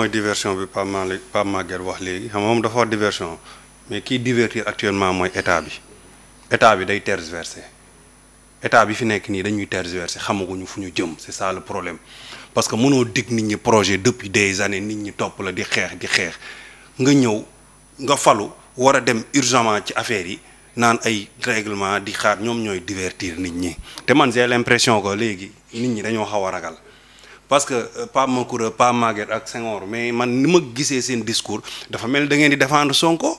mooy diversion bi mal Malick Pape Maguette wax léegi xam mom dafa diversion mais qui divertir actuellement mooy état bi état bi day tergiversé état bi fi nek ni dañuy tergiversé xamaguñu fuñu jëm c'est ça le problème parce que mënoo dig nit ñi projet depuis des années nit ñi top la di xeex di xeex nga ñew nga falu wara dem urgemment ci affaire yi nan ay règlement di xaar ñom ñoy divertir nit ñi té man j'ai l'impression que léegi nit ñi dañoo xawa ragal parce que euh, pas mon Macoura pas Maguette ak Senghor mais man nima gissé sen discours dafa mel da ngeen di défendre Sonko.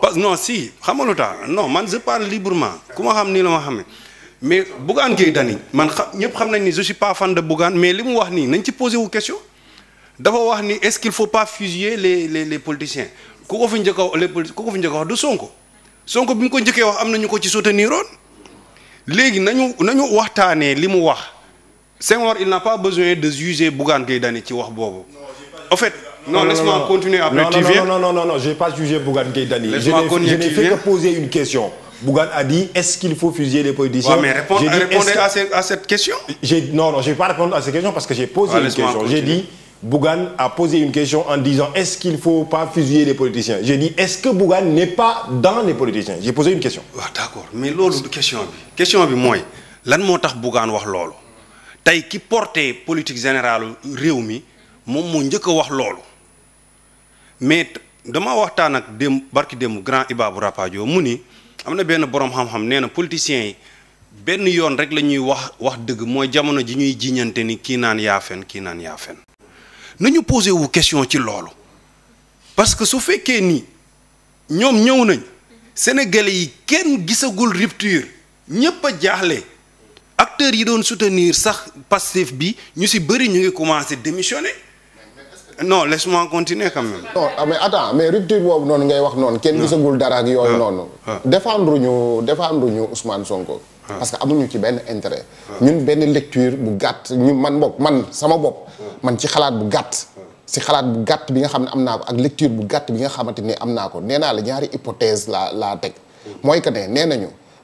parce non si xam ta non man je parle librement kuma ma xam nii la ma mais Bougane Gueye Dani man ñep ñëpp xam nañ ni je suis pas fan de Bougane mais limu wax ni nañ ci poser wu question dafa wax ni est-ce qu'il faut pas fusiller les les les politiciens ku ko fi njëkk a les ku ko fi njëkk wax du Sonko Sonko bimu ko njëkkee wax amna na ñu ko ci soutenir woon léegi nañu nañu waxtané limu mu wax. Seigneur, il n'a pas besoin de juger Bougan Gaydani qui en fait non, laisse-moi continuer après. non non non non non je n'ai pas jugé Bougane Gaydani. je n'ai fait que poser une question. Bougan a dit est-ce qu'il faut fusiller les politiciens ouais, mais répondez à, cette question. non non je vais pas répondre à cette question parce que j'ai posé une question j'ai dit. Bougan a posé une question en disant est-ce qu'il ne faut pas fusiller les politiciens J'ai dit est-ce que Bougan n'est pas dans les politiciens J'ai posé une question. d'accord mais l'autre question question bi mooy lan moo Bougane tey ki porté politique générale réew mi moom moo njëkk a wax loolu mais dama waxtaan ak démb barki démb grand Ibaabu Rapadio mu ni am na benn borom xam-xam nee na politiciens yi benn yoon rek la ñuy wax wax dëgg mooy jamono ji ñuy jiñante ni kii naan yaa fen kii naan yaa fen nañu posé wu question ci loolu parce que su fekkee ni ñoom ñëw nañ Sénégalais yi kenn gisagul rupture ñëpp a jaaxle. acteurs yi doon soutenir sax passif, bi ñu si bëri ñu ngi commencé démissionner non laisse-moi continuer quand même. non ah, mais attends mais rupture non, non, ngay wax non, kenn gisagul dara ak yooyu ah. non, ah. défendre ñu défendre ñu Ousmane Sonko. parce que amuñu ci benn intérêt. ñun benn lecture bu gàtt ñu man bok, man sama bok, man ci xalaat bu gàtt. ci xalaat bu gàtt bi nga xam amna ko ak lecture bu gàtt bi nga xamante ne ko nee la ñaari hypothèse la la tek. Moy que né nee nañu.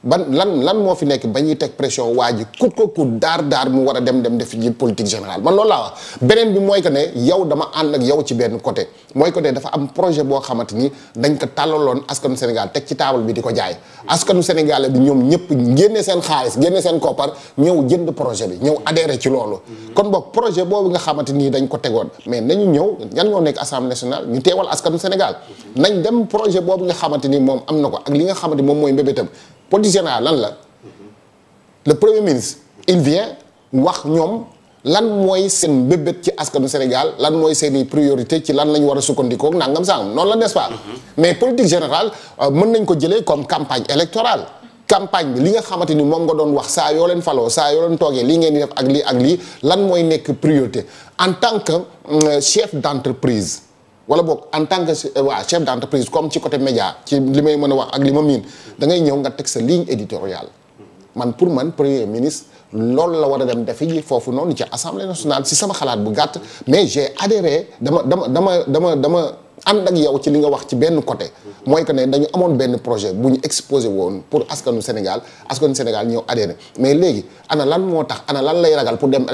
ban lan lan moo fi nekk ba ñuy teg pression waa ji kut ko kut daar daar mu war a dem dem def ji politique générale man loolu laa wax beneen bi mooy que ne yow dama ànd ak yow ci benn côté mooy que ne dafa am projet boo xamante ni dañ ko tàllaloon askanu Sénégal teg ci taabal bi di ko jaay askanu Sénégal bi ñoom ñëpp génne seen xaalis génne seen koppar ñëw jënd projet bi ñëw adhéré ci loolu kon boog projet boobu nga xamante nii dañ ko tegoon mais nañu ñëw ñan ñoo nekk assemblée nationale ñu teewal askanu Sénégal nañ dem projet boobu nga xamante ni moom am na ko ak li nga xamante moom mooy mbébétam générale lan la le premier ministre il vient wax ñom lan moy sen bébé ci askanu Sénégal lan moy sen priorité ci lan lañ wara war a sukkandikook nangam non noonu la n'est-ce pas mm-hmm. mais politique générale meun nañ ko jëlé comme campagne électorale campagne li nga xamante mom nga doon wax saa yo len falo saa yo len togué li ngeen def ak li ak li lan moy nek priorité en tant que euh, chef d'entreprise wala bok en tant que euh, wa chef d'entreprise comme ci côté média ci limay meuna wax ak lima min da ngay ñew nga tek sa ligne éditoriale man pour man premier ministre lool la wara dem def yi fofu non ci assemblée nationale ci sama xalaat bu gatt mais j'ai adhéré dama dama dama dama dama and ak yow ci li nga wax ci benn côté moy que ne dañu amone benn projet buñu exposer won pour askanu Sénégal askanu Sénégal ñeu adhéré mais légui ana lan motax ana lan lay ragal pour dem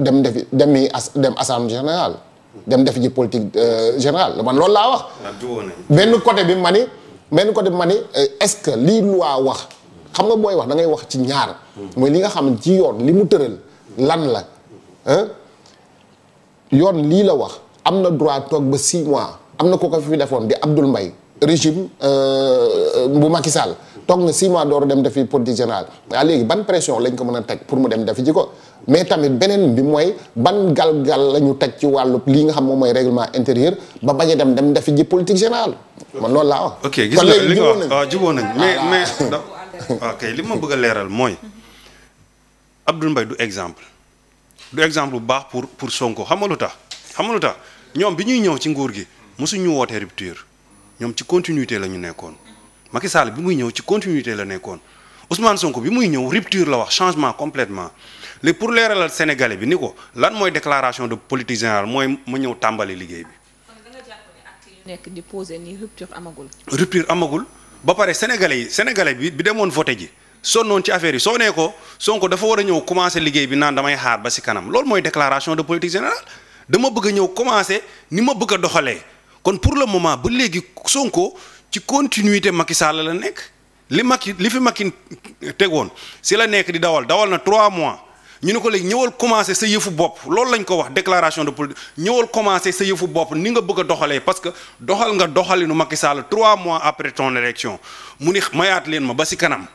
dem defi dem dem assemblée générale dem def ji politique euh, général man lool la wax. ben côté bi mani ben côté bi mani euh, est-ce que li loi wax xam nga boy wax da ngay wax ci ñaar. moy li nga xam ci yoon li mu teurel lan la hein yoon li la wax amna droit tok ba 6 mois amna ko ko fi defone di Abdoul mbay régime euh, bu Macky Sall tok na 6 mois door dem def defi politique général waaye léegi ban pression lañ ko mëna tek pour mu dem def ji ko. mais tamit beneen bi mooy ban gal-gal la ñu teg ci wàllu lii nga xam moom mooy règlement intérieur ba bañ a dem dem defi ji politique générale man loolu laa wax. ok gis nga li nga wax waaw ah, jubóo nañ mais mais ok li ma bëgg a leeral mooy Abdoul Mbaye du exemple du exemple bu baax pour pour Sonko xam nga lu tax xam tax ñoom bi ñuy ñëw ci nguur gi mosuñu wootee rupture ñoom ci continuité la ñu nekkoon Macky Sall bi muy ñëw ci continuité la nekkoon Ousmane Sonko bi muy ñëw rupture la wax changement complètement léegi pour leeralal sénégalais bi ni ko lan moy déclaration de politique générale moy ma ñëw tambali liguey bi. kon da nga jàpp ne acte yu di poser ni rupture amagul. rupture amagul ba paré sénégalais sénégalais bi bi demone voter ji sonnoon ci affaire yi soné ko Sonko dafa war a ñëw commencé liggéey bi nan damay xaar ba si kanam lool moy déclaration de politique générale dama bëgg a commencer ni ma bëgg doxalé kon pour le moment ba légui Sonko ci continuité Macky Sall la nek li Macky li fi Macky tegoon si la nek di dawal dawal na 3 mois ñu ne ko léegi ñëwul commencé sa yëfu bop loolu lañ ko wax déclaration de politique ñëwal commencé sa yëfu bop ni nga bëgg doxalé parce que doxal nga doxalinu Macky Sall 3 mois après ton élection mu ni mayat leen ma ba ci kanam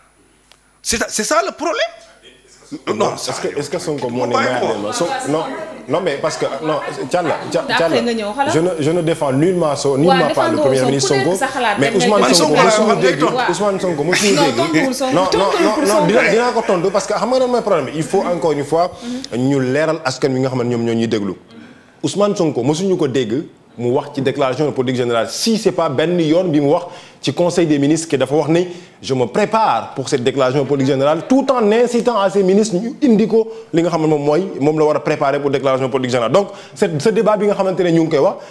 c'est c'est ça le problème. non est-ce que est-ce que Sonko moo ne mayaat leen ma non non mais parce que non Tchalla, je ne je ne défends nullement so nullement pas le premier ministre Sonko mais Ousmane Sonko Ousmane Sonko mosuma dégue, non non non dinaa ko tontu parce que xam nga pas problème il faut encore une fois mhm. ñu leeral askan wi nga xam ne ñoom ñoo ñi déglu Ousmane Sonko mosuñu ko dégg mu wax ci déclaration de politique générale si c'est pas Ben yoon bi mu wax ci conseil des ministres qui dafa wax ni je me prépare pour cette déclaration de politique générale tout en incitant à ces ministres ñu indiquer ce li nga xam la préparer pour déclaration de politique générale donc ce débat bi nga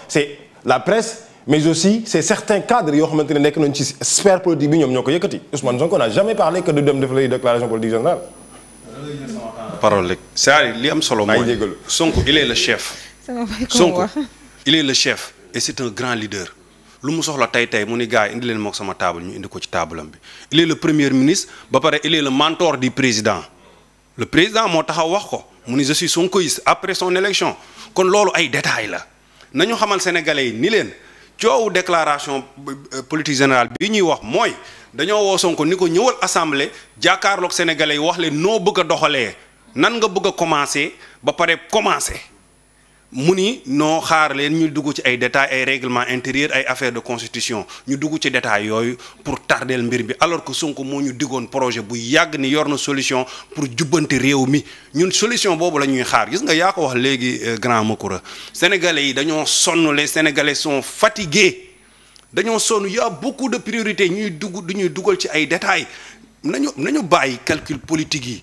c'est la presse mais aussi c'est certains cadres qui ont fait que nous ci sphère politique bi Ousmane n'a jamais parlé que de deux def déclaration politique générale. parole cest à li il est le chef. Sonko il est le chef et c'est un grand leader lu mu soxla tey tey mu ni gars yi indi leen mook sama table ñu indi ko ci taabalam bi il est le premier ministre ba pare il est le mentor du président le président moo taxaw wax ko mu je suis sonkoïste après son élection kon loolu ay détails la nañu xamal sénégalais yi ni leen coowu déclaration euh, politique générale bi ñuy wax mooy dañoo woo Sonko ni ko assemblée jàkkaarloog sénégalais yi wax leen noo bëgg nan nga bëgg commencer ba pare commencer. Muni non xaar leen ñu dugg ci ay détails ay règlement intérieur ay affaire de constitution ñu dugg ci détails yooyu pour tardel mbir bi alors que Sonko moo ñu diggoon projet bu yàgg ni yor na solution pour jubbanti réew mi ñun solution boobu la ñuy xaar gis nga yaa ko wax léegi euh, grand Makoura sénégalais yi dañoo sonn les sénégalais sont fatigués dañoo sonn y a beaucoup de priorités ñuy dugg duñuy ñuy dugal ci ay détails nañu nañu bàyyi calcul politique yi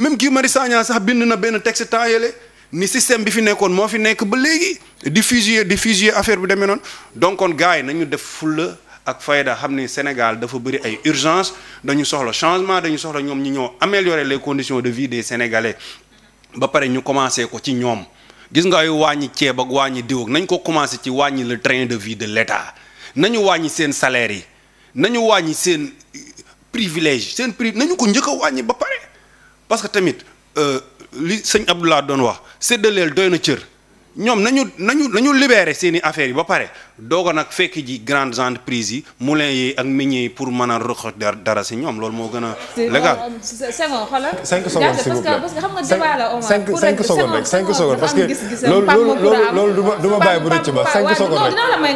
même Guy Marius Sagna sax bind na benn texte temps yële ni système bi fi nekkoon mo fi nekk ba léegi diffuser diffuser affaire bi demé non donc kon gaay nañu def fulla ak fayda xam Sénégal dafa bëri ay urgence dañu soxla changement dañu soxla ñom ñi ñoo améliorer les conditions de vie des Sénégalais ba paré ñu commencer ko ci ñom gis nga yu wàññi ceeb ak wàññi diw ak nañ ko commencé ci wàññi le train de vie de l'État nañu wàññi sen salaire yi nañu wàññi sen privilège sen pri nañu ko njëkk a ba paré parce que tamit euh, li sëñ Abdoulaye doon wax séddaleel doy na cër ñoom nañu nañu nañu libéré seen i affaires yi ba pare dooga nag fekk ji grandes entreprises yi moulin yi ak meunier yi pour mën a rëq dara si ñoom loolu moo gën a. Euh, légal c'est bon xoolal. 5 xam nga débat Omar. 5 5 secondes rek 5 secondes parce que loolu loolu loolu du ma ba 5 secondes mu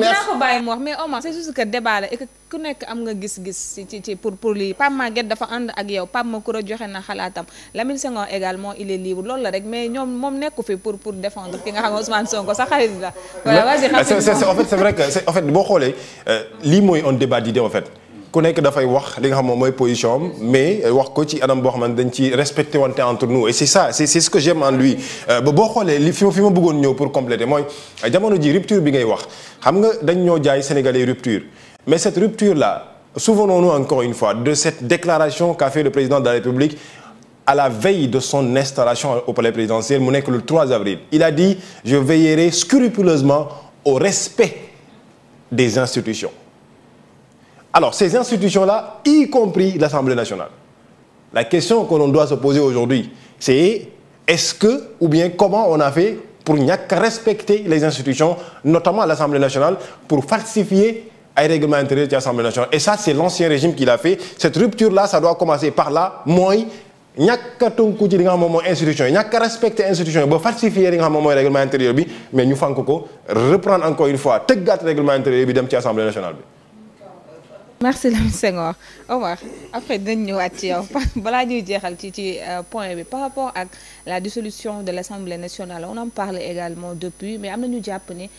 wax mais Omar c'est juste que débat ku nekk am nga gis-gis ci ci pour pour lii Pam Maguette dafa ànd ak yow Pam Makoura joxe na xalaatam Lamine Senghor également il est libre loolu la rek mais ñoom moom nekku fi pour pour défendre ki nga xam ne Ousmane Sonko sa xarit la. voilà vas-y rapidement en fait c'est vrai que c'est en fait boo xoolee euh, lii mooy un débat d'idées en fait. ku nekk dafay wax li nga xam moom mooy position am mais euh, wax ko ci anam boo xamante dañ ci respecté wante entre nous et c'est ça c'est c'est ce que j'aime en lui euh, ba boo xoolee li fi ma fi ma bëggoon ñëw pour compléter mooy jamono ji rupture bi ngay wax xam nga dañ ñoo jaay sénégalais rupture mais cette rupture-là, souvenons-nous encore une fois de cette déclaration qu'a fait le président de la République à la veille de son installation au palais présidentiel, mu le 3 avril. Il a dit « Je veillerai scrupuleusement au respect des institutions ». Alors, ces institutions-là, y compris l'Assemblée nationale. La question que l'on doit se poser aujourd'hui, c'est est-ce que ou bien comment on a fait pour n'y respecter les institutions, notamment l'Assemblée nationale, pour falsifier un règlement intérieur de l'Assemblée nationale. Et ça, c'est l'ancien régime qui l'a fait. Cette rupture-là, ça doit commencer par là. Moi, n'y a qu'à ci li nga moment institution il n'y a qu'à institution yi falsifier le nga règlement intérieur mais nous Fancoco, ko reprendre encore une fois tëggaat règlement intérieur bi dem ci nationale merci Seigneur. le Omar après revoir. Après, nous yow balaa ñuy euh, point par rapport à la dissolution de l'Assemblée nationale on en parle également depuis mais nous avons japonais,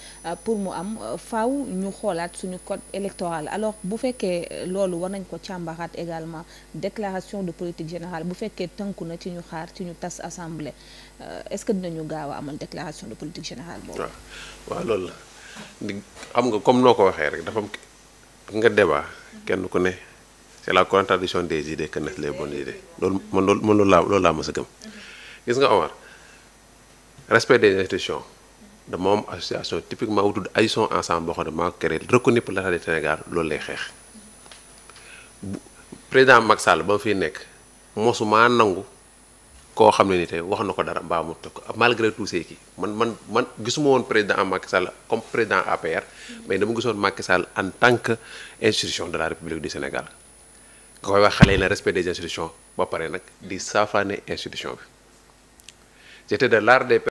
pour nous, euh, pour mu am euh, faaw ñu sur suñu code électoral alors bu que loolu war nañ ko càmbaraat également déclaration de politique générale vous que que na ci ñu xaar ci ñu tas assemblée est-ce que nous gawa une déclaration de politique générale Oui, Voilà. ça. comme nous. nga débat kenn ku ne c'est la contradiction des idées que naissent les bonnes idées loolu man loolu laa loolu laa mës gëm gis nga Omar respect des institutions dama am association typiquement wutudd Agissons ensemble boo xam ne maa ko créé reconnu la l'État du Sénégal loolu lay xeex président Macky Sall ba mu fiy nekk mosumaa nangu koo xam ne ni wax na ko dara mbaa mu teg malgré tout ce man man man gisuma woon président Macky Sall comme président APR mais dama gisoon Macky Sall en tant que institution de la République du Sénégal nga koy wax xale yi na respect des institutions ba pare nag di saafaane institution bi j'étais de l'art des